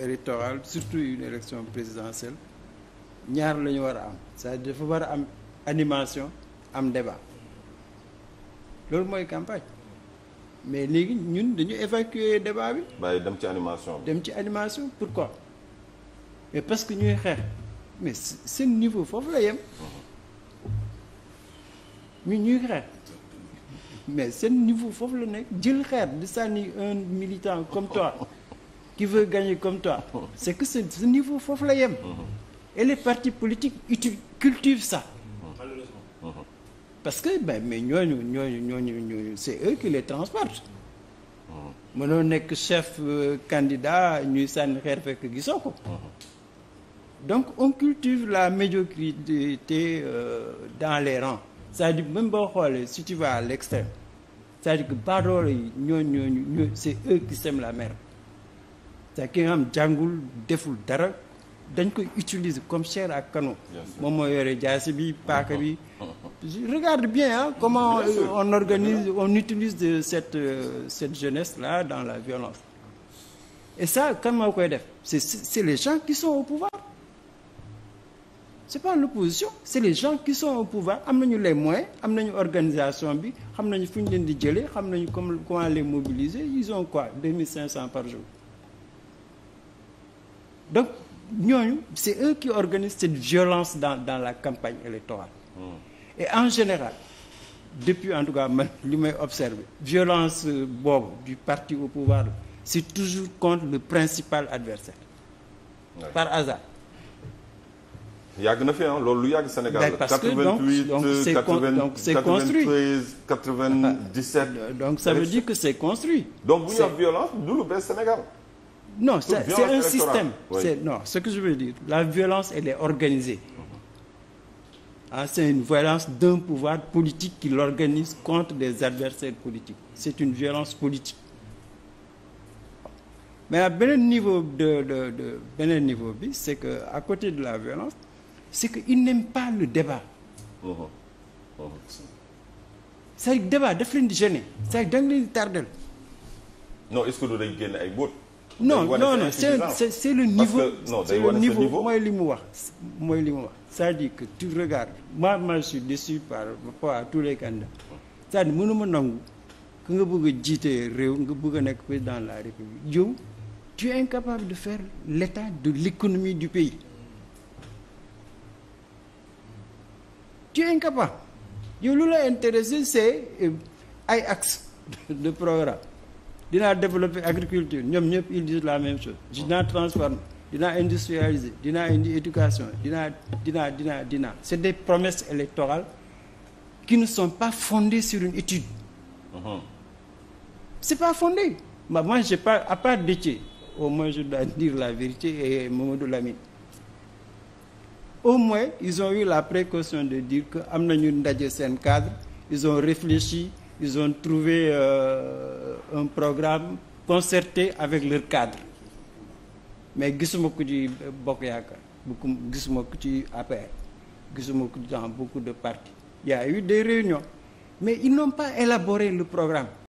électorale surtout une élection présidentielle ñaar la ñu war a am c'est-à-dire dafa war a am animation am débat loolu mooy campagne mais léegi ñun dañu évacuer débat bi. bàyyi dem ci animation dem ci animation pourquoi mais parce que ñuy xeex mais seen niveau foofu la yem ñu ñuy xeex mais seen niveau foofu la nekk jël xeer di sànni un militant comme toi. qui veut gagner comme toi c'est que ce, ce niveau foofu la yem et les partis politiques uti cultivent ça parce que ben mais ñooñu ñooñu ñooñu ñooñu c'est eux qui les transporte mënoo nekk chef euh, candidat ñuy sànni xeer fekk gisoo ko donc on cultive la médiocrité euh, dans les rangs c'est-à-dire même boo xoolee si tu vas à l'extrême cest dire que baadoolo yi ñooñu c'est eux qui sèment la merde cest à ki nga jàngul deful dara dañ koy utiliser comme cher à canon moom moo yore jaasi bi paaka bi regarde bien comment on organise on utilise de cette euh, cette jeunesse la dans la violence et ça kan moo koy def c'est c'est les gens qui sont au pouvoir c'est pas l'opposition c'est les gens qui sont au pouvoir am nañu les moyens am nañu organisation bi xam nañu fu ñu leen di jëlee xam ñu comme comment les mobiliser ils ont quoi 2500 par donc ñooñu c'est eux qui organisent cette violence dans dans la campagne électorale hmm. et en général depuis en tout cas man li may observer violence euh, boobu du parti au pouvoir la c'est toujours contre le principal adversaire oui. par hasard yàgg na fi loolu lu yàgg Sénégal la. parce que donc euh, donc c'est ah, donc construit donc violence du lu bees Sénégal. non c'est un système oui. c'est non ce que je veux dire la violence elle est organisée mhm. ah c'est une violence d'un pouvoir politique qui l'organise contre des adversaires politiques c'est une violence politique mais à beneen niveau de de beneen niveau bi c'est que à côté de la violence c'est que il n'aime pas le débat oh, oh, oh. c'est-à-dire débat gêner c'est-à-dire ay mbóot non non c'est le niveau c'est le niveau mooy li mu wax mooy li mu wax cest dire que tu regardes moi je suis déçu par rapport tous les candidats c'est-à-dire nangu que nga bëgg jiite réew nga bëgg a nekk président la République yow tu es incapable de faire l'état de l'économie du pays tu incapable yow lu la intéressé c'est euh, ay axes de programme dinaa développer agriculture ñoom ñëpp ils disent la même chose dinaa transformer dinaa industrialiser dinaa indi éducation dinaa dinaa dinaa dinaa c'est des promesses électorales qui ne sont pas fondées sur une étude uh c'est pas fondé ma moi j'ai pas à part Déthié au moins je dois dire la vérité et Mamadou Lamine au moins ils ont eu la précaution de dire que am nañu ndaje seen cadre ils ont réfléchi ils ont trouvé euh, un programme concerté avec leur cadre mais gisuma ko ci Bokk Yaakaar gisuma ko ci APR gisuma ko dans beaucoup de partis ya eu des réunions mais ils n'ont pas élaboré le programme